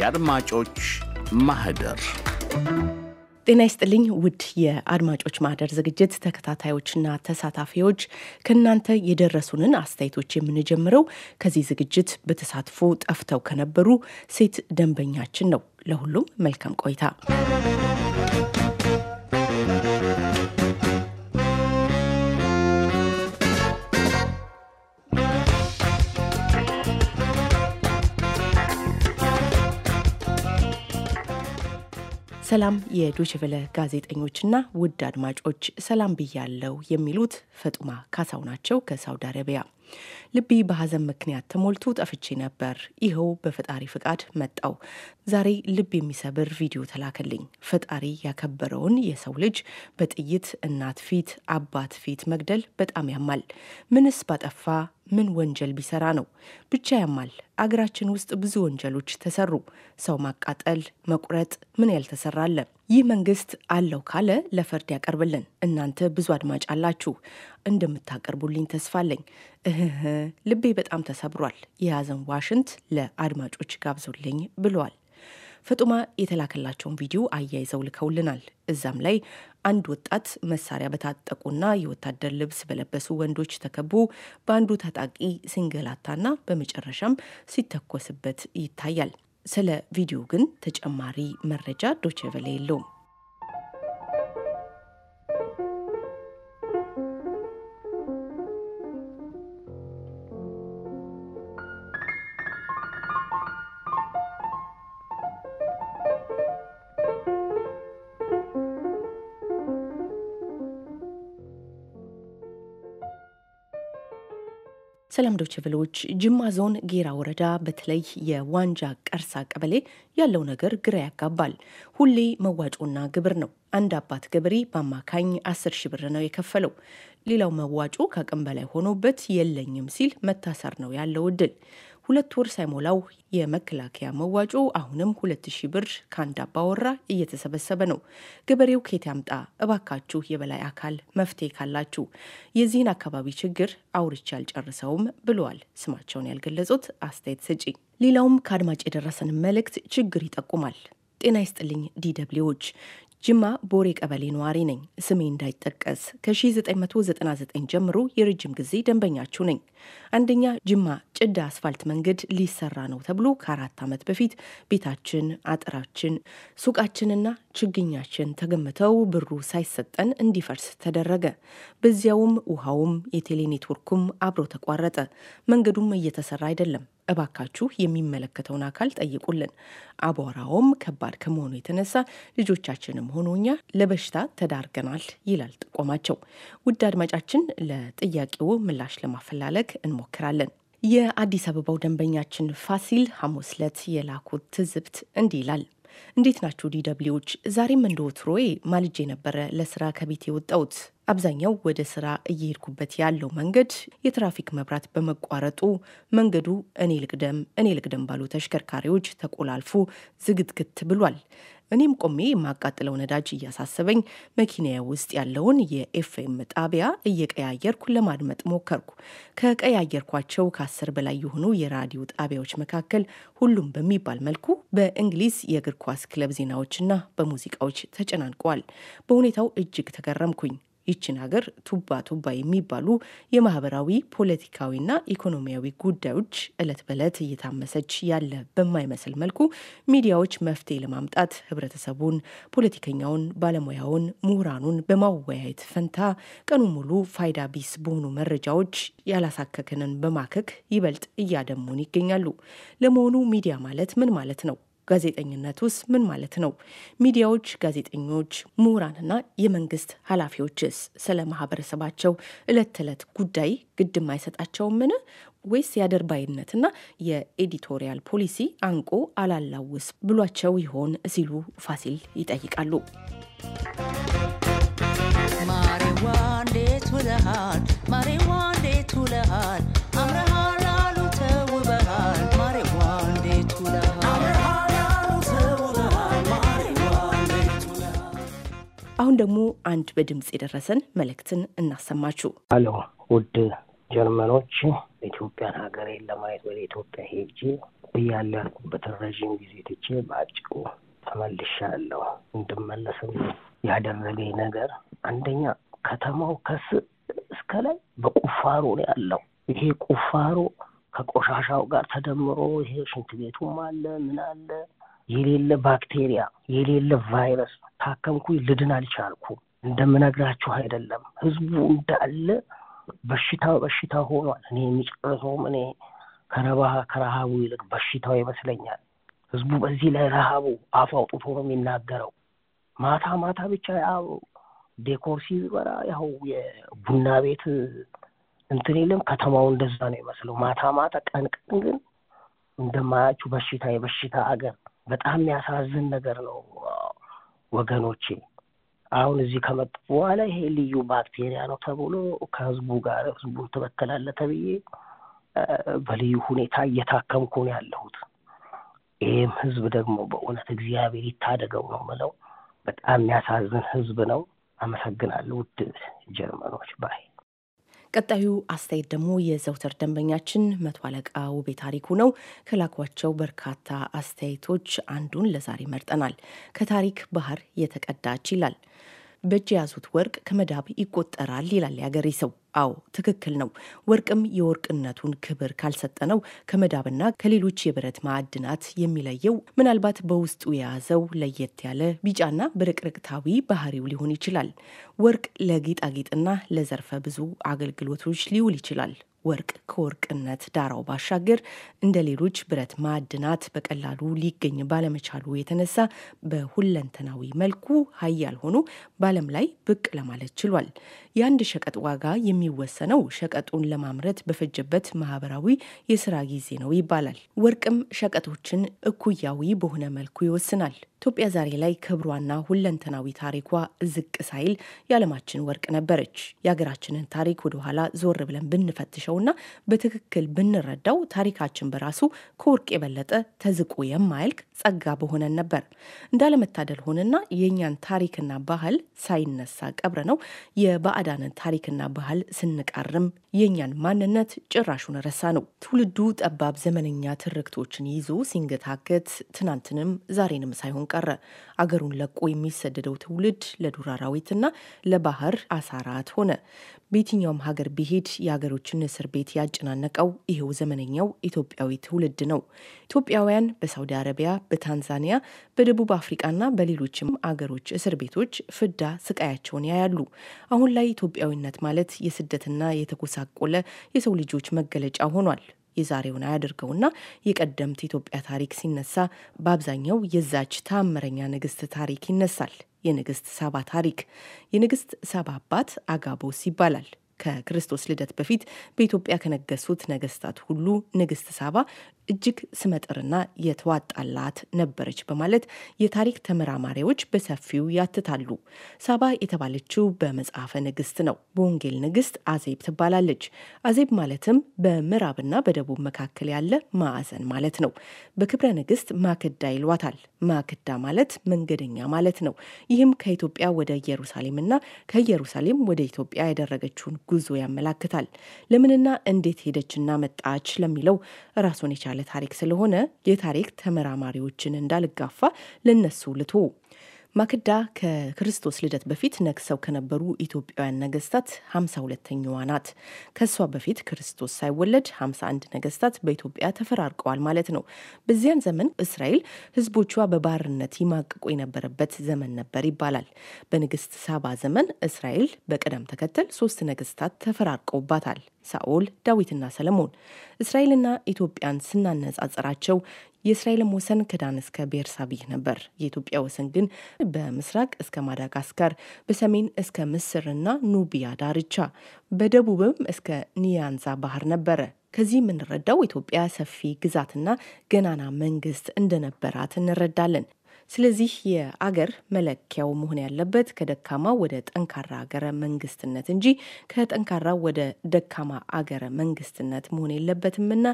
የአድማጮች ማህደር ጤና ይስጥልኝ ውድ የአድማጮች ማህደር ዝግጅት ተከታታዮችና ተሳታፊዎች፣ ከእናንተ የደረሱንን አስተያየቶች የምንጀምረው ከዚህ ዝግጅት በተሳትፎ ጠፍተው ከነበሩ ሴት ደንበኛችን ነው። ለሁሉም መልካም ቆይታ። ሰላም የዶችቨለ ጋዜጠኞችና ውድ አድማጮች ሰላም ብያለው የሚሉት ፈጡማ ካሳው ናቸው ከሳውዲ አረቢያ። ልቤ በሐዘን ምክንያት ተሞልቶ ጠፍቼ ነበር። ይኸው በፈጣሪ ፍቃድ መጣው። ዛሬ ልብ የሚሰብር ቪዲዮ ተላከልኝ። ፈጣሪ ያከበረውን የሰው ልጅ በጥይት እናት ፊት፣ አባት ፊት መግደል በጣም ያማል። ምንስ ባጠፋ ምን ወንጀል ቢሰራ ነው? ብቻ ያማል። አገራችን ውስጥ ብዙ ወንጀሎች ተሰሩ። ሰው ማቃጠል፣ መቁረጥ፣ ምን ያልተሰራ አለ? ይህ መንግስት አለው ካለ ለፍርድ ያቀርብልን። እናንተ ብዙ አድማጭ አላችሁ፣ እንደምታቀርቡልኝ ተስፋለኝ። እህህ ልቤ በጣም ተሰብሯል። የያዘን ዋሽንት ለአድማጮች ጋብዞልኝ ብለዋል። ፍጡማ የተላከላቸውን ቪዲዮ አያይዘው ልከውልናል። እዛም ላይ አንድ ወጣት መሳሪያ በታጠቁና የወታደር ልብስ በለበሱ ወንዶች ተከቦ በአንዱ ታጣቂ ሲንገላታና በመጨረሻም ሲተኮስበት ይታያል። ስለ ቪዲዮ ግን ተጨማሪ መረጃ ዶቼ ቬለ የለውም። ሰላም ዶች ቬለዎች ጅማ ዞን ጌራ ወረዳ በተለይ የዋንጃ ቀርሳ ቀበሌ ያለው ነገር ግራ ያጋባል። ሁሌ መዋጮና ግብር ነው። አንድ አባት ገበሬ በአማካኝ 10 ሺህ ብር ነው የከፈለው። ሌላው መዋጮ ከአቅም በላይ ሆኖበት የለኝም ሲል መታሰር ነው ያለው እድል። ሁለት ወር ሳይሞላው የመከላከያ መዋጮ አሁንም ሁለት ሺህ ብር ከአንድ አባወራ እየተሰበሰበ ነው። ገበሬው ኬት ያምጣ? እባካችሁ የበላይ አካል መፍትሄ ካላችሁ የዚህን አካባቢ ችግር አውርቼ አልጨርሰውም ብለዋል ስማቸውን ያልገለጹት አስተያየት ሰጪ። ሌላውም ከአድማጭ የደረሰን መልእክት ችግር ይጠቁማል። ጤና ይስጥልኝ ዲደብሊዎች ጅማ ቦሬ ቀበሌ ነዋሪ ነኝ። ስሜ እንዳይጠቀስ ከ1999 ጀምሮ የረጅም ጊዜ ደንበኛችሁ ነኝ። አንደኛ ጅማ ጭዳ አስፋልት መንገድ ሊሰራ ነው ተብሎ ከአራት ዓመት በፊት ቤታችን፣ አጥራችን፣ ሱቃችንና ችግኛችን ተገምተው ብሩ ሳይሰጠን እንዲፈርስ ተደረገ። በዚያውም ውሃውም የቴሌ ኔትወርኩም አብሮ ተቋረጠ። መንገዱም እየተሰራ አይደለም። እባካችሁ የሚመለከተውን አካል ጠይቁልን። አቧራውም ከባድ ከመሆኑ የተነሳ ልጆቻችንም ሆኖ እኛ ለበሽታ ተዳርገናል ይላል ጥቆማቸው። ውድ አድማጫችን፣ ለጥያቄው ምላሽ ለማፈላለግ እንሞክራለን። የአዲስ አበባው ደንበኛችን ፋሲል ሐሙስ ዕለት የላኩት ትዝብት እንዲህ ይላል። እንዴት ናችሁ ዲደብሊዎች? ዛሬም እንደ ወትሮዬ ማልጄ ነበረ ለስራ ከቤት የወጣሁት። አብዛኛው ወደ ስራ እየሄድኩበት ያለው መንገድ የትራፊክ መብራት በመቋረጡ መንገዱ እኔ ልቅደም እኔ ልቅደም ባሉ ተሽከርካሪዎች ተቆላልፎ ዝግትግት ብሏል። እኔም ቆሜ የማቃጥለው ነዳጅ እያሳሰበኝ መኪናዬ ውስጥ ያለውን የኤፍኤም ጣቢያ እየቀያየርኩ ለማድመጥ ሞከርኩ። ከቀያየርኳቸው ከአስር በላይ የሆኑ የራዲዮ ጣቢያዎች መካከል ሁሉም በሚባል መልኩ በእንግሊዝ የእግር ኳስ ክለብ ዜናዎችና በሙዚቃዎች ተጨናንቀዋል። በሁኔታው እጅግ ተገረምኩኝ። ይችን ሀገር ቱባ ቱባ የሚባሉ የማህበራዊ ፖለቲካዊና ኢኮኖሚያዊ ጉዳዮች እለት በለት እየታመሰች ያለ በማይመስል መልኩ ሚዲያዎች መፍትሄ ለማምጣት ህብረተሰቡን፣ ፖለቲከኛውን፣ ባለሙያውን፣ ምሁራኑን በማወያየት ፈንታ ቀኑ ሙሉ ፋይዳ ቢስ በሆኑ መረጃዎች ያላሳከከንን በማከክ ይበልጥ እያደሙን ይገኛሉ። ለመሆኑ ሚዲያ ማለት ምን ማለት ነው? ጋዜጠኝነት ውስጥ ምን ማለት ነው? ሚዲያዎች፣ ጋዜጠኞች፣ ምሁራንና የመንግስት ኃላፊዎችስ ስለ ማህበረሰባቸው እለት ተዕለት ጉዳይ ግድም አይሰጣቸውም? ምን ወይስ የአደርባይነትና የኤዲቶሪያል ፖሊሲ አንቆ አላላውስ ብሏቸው ይሆን ሲሉ ፋሲል ይጠይቃሉ። ውለሃል? አሁን ደግሞ አንድ በድምፅ የደረሰን መልእክትን እናሰማችሁ። አሎ ውድ ጀርመኖች ኢትዮጵያን ሀገሬን ለማየት ወደ ኢትዮጵያ ሄጄ ብያለሁበትን ረዥም ጊዜ ትቼ በአጭሩ ተመልሻለሁ። እንድመለስም ያደረገኝ ነገር አንደኛ ከተማው ከስ እስከ ላይ በቁፋሮ ነው ያለው። ይሄ ቁፋሮ ከቆሻሻው ጋር ተደምሮ ይሄ ሽንት ቤቱም አለ ምን አለ የሌለ ባክቴሪያ የሌለ ቫይረስ ታከምኩኝ፣ ልድን አልቻልኩም። እንደምነግራችሁ አይደለም። ህዝቡ እንዳለ በሽታ በሽታ ሆኗል። እኔ የሚጨርሰውም እኔ ከረባ ከረሃቡ ይልቅ በሽታው ይመስለኛል። ህዝቡ በዚህ ላይ ረሃቡ አፍ አውጥቶ ነው የሚናገረው። ማታ ማታ ብቻ ያው ዴኮር ሲበራ ያው የቡና ቤት እንትን የለም ከተማው እንደዛ ነው ይመስለው። ማታ ማታ፣ ቀን ቀን ግን እንደማያችሁ በሽታ የበሽታ ሀገር በጣም የሚያሳዝን ነገር ነው። ወገኖቼ አሁን እዚህ ከመጡ በኋላ ይሄ ልዩ ባክቴሪያ ነው ተብሎ ከህዝቡ ጋር ህዝቡን ትበከላለ ተብዬ በልዩ ሁኔታ እየታከምኩ ነው ያለሁት። ይህም ህዝብ ደግሞ በእውነት እግዚአብሔር ይታደገው ነው ምለው። በጣም የሚያሳዝን ህዝብ ነው። አመሰግናለሁ ውድ ጀርመኖች ባይ ቀጣዩ አስተያየት ደግሞ የዘውተር ደንበኛችን መቶ አለቃ ውቤ ታሪኩ ነው። ከላኳቸው በርካታ አስተያየቶች አንዱን ለዛሬ መርጠናል። ከታሪክ ባህር የተቀዳች ይላል። በእጅ የያዙት ወርቅ ከመዳብ ይቆጠራል ይላል ያገሬ ሰው። አዎ ትክክል ነው። ወርቅም የወርቅነቱን ክብር ካልሰጠነው ከመዳብና ከሌሎች የብረት ማዕድናት የሚለየው ምናልባት በውስጡ የያዘው ለየት ያለ ቢጫና ብርቅርቅታዊ ባህሪው ሊሆን ይችላል። ወርቅ ለጌጣጌጥና ለዘርፈ ብዙ አገልግሎቶች ሊውል ይችላል። ወርቅ ከወርቅነት ዳራው ባሻገር እንደ ሌሎች ብረት ማዕድናት በቀላሉ ሊገኝ ባለመቻሉ የተነሳ በሁለንተናዊ መልኩ ሀያል ሆኖ በዓለም ላይ ብቅ ለማለት ችሏል። የአንድ ሸቀጥ ዋጋ የሚወሰነው ሸቀጡን ለማምረት በፈጀበት ማህበራዊ የስራ ጊዜ ነው ይባላል። ወርቅም ሸቀጦችን እኩያዊ በሆነ መልኩ ይወስናል። ኢትዮጵያ ዛሬ ላይ ክብሯና ሁለንተናዊ ታሪኳ ዝቅ ሳይል የዓለማችን ወርቅ ነበረች። የሀገራችንን ታሪክ ወደኋላ ዞር ብለን ብንፈትሸውና በትክክል ብንረዳው ታሪካችን በራሱ ከወርቅ የበለጠ ተዝቆ የማያልቅ ጸጋ በሆነን ነበር። እንዳለመታደል ሆንና የእኛን ታሪክና ባህል ሳይነሳ ቀብረ ነው የባዕዳንን ታሪክና ባህል ስንቃርም የእኛን ማንነት ጭራሹን ረሳ ነው። ትውልዱ ጠባብ ዘመነኛ ትርክቶችን ይዞ ሲንገታገት ትናንትንም ዛሬንም ሳይሆን ቀረ። አገሩን ለቆ የሚሰደደው ትውልድ ለዱር አራዊትና ለባህር አሳራት ሆነ። በየትኛውም ሀገር ቢሄድ የሀገሮችን እስር ቤት ያጨናነቀው ይሄው ዘመነኛው ኢትዮጵያዊ ትውልድ ነው። ኢትዮጵያውያን በሳውዲ አረቢያ፣ በታንዛኒያ፣ በደቡብ አፍሪቃና በሌሎችም አገሮች እስር ቤቶች ፍዳ ስቃያቸውን ያያሉ። አሁን ላይ ኢትዮጵያዊነት ማለት የስደትና የተጎሳቆለ የሰው ልጆች መገለጫ ሆኗል። የዛሬውን አያደርገውና የቀደምት ኢትዮጵያ ታሪክ ሲነሳ በአብዛኛው የዛች ታምረኛ ንግስት ታሪክ ይነሳል። የንግስት ሳባ ታሪክ። የንግስት ሳባ አባት አጋቦስ ይባላል። ከክርስቶስ ልደት በፊት በኢትዮጵያ ከነገሱት ነገስታት ሁሉ ንግስት ሳባ እጅግ ስመጥርና የተዋጣላት ነበረች በማለት የታሪክ ተመራማሪዎች በሰፊው ያትታሉ። ሳባ የተባለችው በመጽሐፈ ንግስት ነው። በወንጌል ንግስት አዜብ ትባላለች። አዜብ ማለትም በምዕራብና በደቡብ መካከል ያለ ማዕዘን ማለት ነው። በክብረ ንግስት ማክዳ ይሏታል። ማክዳ ማለት መንገደኛ ማለት ነው። ይህም ከኢትዮጵያ ወደ ኢየሩሳሌምና ከኢየሩሳሌም ወደ ኢትዮጵያ ያደረገችውን ጉዞ ያመላክታል። ለምንና እንዴት ሄደችና መጣች ለሚለው ራሱን የቻለ ታሪክ ስለሆነ የታሪክ ተመራማሪዎችን እንዳልጋፋ ለነሱ ልቶ ማክዳ ከክርስቶስ ልደት በፊት ነግሰው ከነበሩ ኢትዮጵያውያን ነገስታት 52ተኛዋ ናት። ከእሷ በፊት ክርስቶስ ሳይወለድ 51 ነገስታት በኢትዮጵያ ተፈራርቀዋል ማለት ነው። በዚያን ዘመን እስራኤል ህዝቦቿ በባርነት ይማቅቁ የነበረበት ዘመን ነበር ይባላል። በንግስት ሳባ ዘመን እስራኤል በቅደም ተከተል ሶስት ነገስታት ተፈራርቀውባታል። ሳኦል፣ ዳዊትና ሰለሞን። እስራኤልና ኢትዮጵያን ስናነጻጽራቸው የእስራኤልም ወሰን ከዳን እስከ ቤርሳቢህ ነበር። የኢትዮጵያ ወሰን ግን በምስራቅ እስከ ማዳጋስካር፣ በሰሜን እስከ ምስርና ኑቢያ ዳርቻ፣ በደቡብም እስከ ኒያንዛ ባህር ነበረ። ከዚህ የምንረዳው ኢትዮጵያ ሰፊ ግዛትና ገናና መንግስት እንደነበራት እንረዳለን። ስለዚህ የአገር መለኪያው መሆን ያለበት ከደካማ ወደ ጠንካራ አገረ መንግስትነት እንጂ ከጠንካራ ወደ ደካማ አገረ መንግስትነት መሆን የለበትምና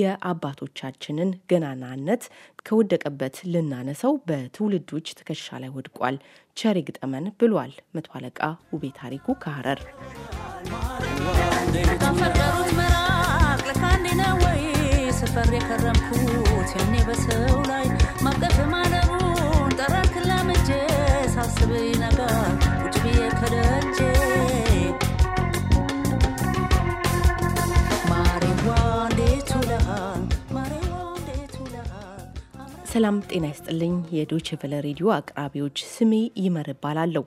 የአባቶቻችንን ገናናነት ከወደቀበት ልናነሰው በትውልዶች ትከሻ ላይ ወድቋል። ቸር ይግጠመን ብሏል መቶ አለቃ ውቤ ታሪኩ ከሐረር። የከረምኩት ያኔ በሰው ላይ ማቀፍ ማለት ሰላም ጤና ይስጥልኝ። የዶችቨለ ሬዲዮ አቅራቢዎች ስሜ ይመር እባላለሁ።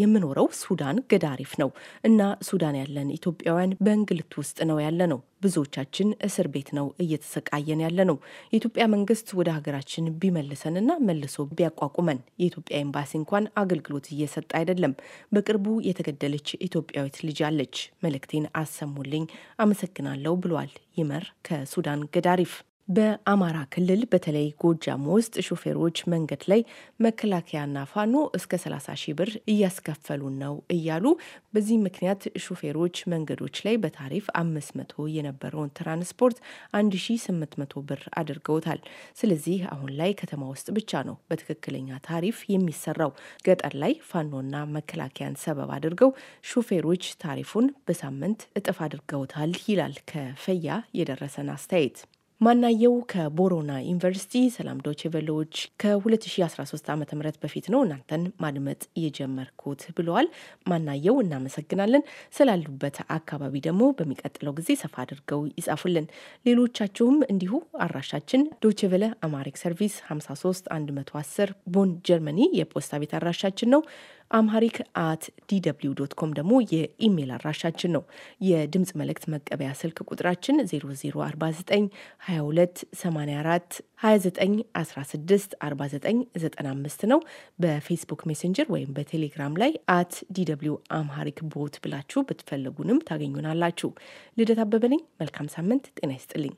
የምኖረው ሱዳን ገዳሪፍ ነው እና ሱዳን ያለን ኢትዮጵያውያን በእንግልት ውስጥ ነው ያለ ነው። ብዙዎቻችን እስር ቤት ነው እየተሰቃየን ያለ ነው። የኢትዮጵያ መንግስት ወደ ሀገራችን ቢመልሰንና መልሶ ቢያቋቁመን የኢትዮጵያ ኤምባሲ እንኳን አገልግሎት እየሰጠ አይደለም። በቅርቡ የተገደለች ኢትዮጵያዊት ልጅ አለች። መልእክቴን አሰሙልኝ፣ አመሰግናለሁ ብሏል ይመር ከሱዳን ገዳሪፍ በአማራ ክልል በተለይ ጎጃም ውስጥ ሾፌሮች መንገድ ላይ መከላከያና ፋኖ እስከ 30 ሺህ ብር እያስከፈሉን ነው እያሉ በዚህ ምክንያት ሾፌሮች መንገዶች ላይ በታሪፍ 500 የነበረውን ትራንስፖርት 1800 ብር አድርገውታል። ስለዚህ አሁን ላይ ከተማ ውስጥ ብቻ ነው በትክክለኛ ታሪፍ የሚሰራው። ገጠር ላይ ፋኖና መከላከያን ሰበብ አድርገው ሾፌሮች ታሪፉን በሳምንት እጥፍ አድርገውታል ይላል ከፈያ የደረሰን አስተያየት። ማናየው ከቦሮና ዩኒቨርሲቲ ሰላም ዶቼ ከ2013 ዓ ም በፊት ነው እናንተን ማድመጥ የጀመርኩት ብለዋል። ማናየው እናመሰግናለን። ስላሉበት አካባቢ ደግሞ በሚቀጥለው ጊዜ ሰፋ አድርገው ይጻፉልን። ሌሎቻችሁም እንዲሁ አድራሻችን ዶቼ አማሪክ ሰርቪስ 53 110 ቦን ጀርመኒ የፖስታ ቤት አድራሻችን ነው። አምሃሪክ አት ዲw ዶት ኮም ደግሞ የኢሜይል አድራሻችን ነው። የድምፅ መልእክት መቀበያ ስልክ ቁጥራችን 0049228429164995 ነው። በፌስቡክ ሜሴንጀር ወይም በቴሌግራም ላይ አት ዲ አምሃሪክ ቦት ብላችሁ ብትፈልጉንም ታገኙናላችሁ። ልደት አበበ መልካም ሳምንት። ጤና ይስጥልኝ።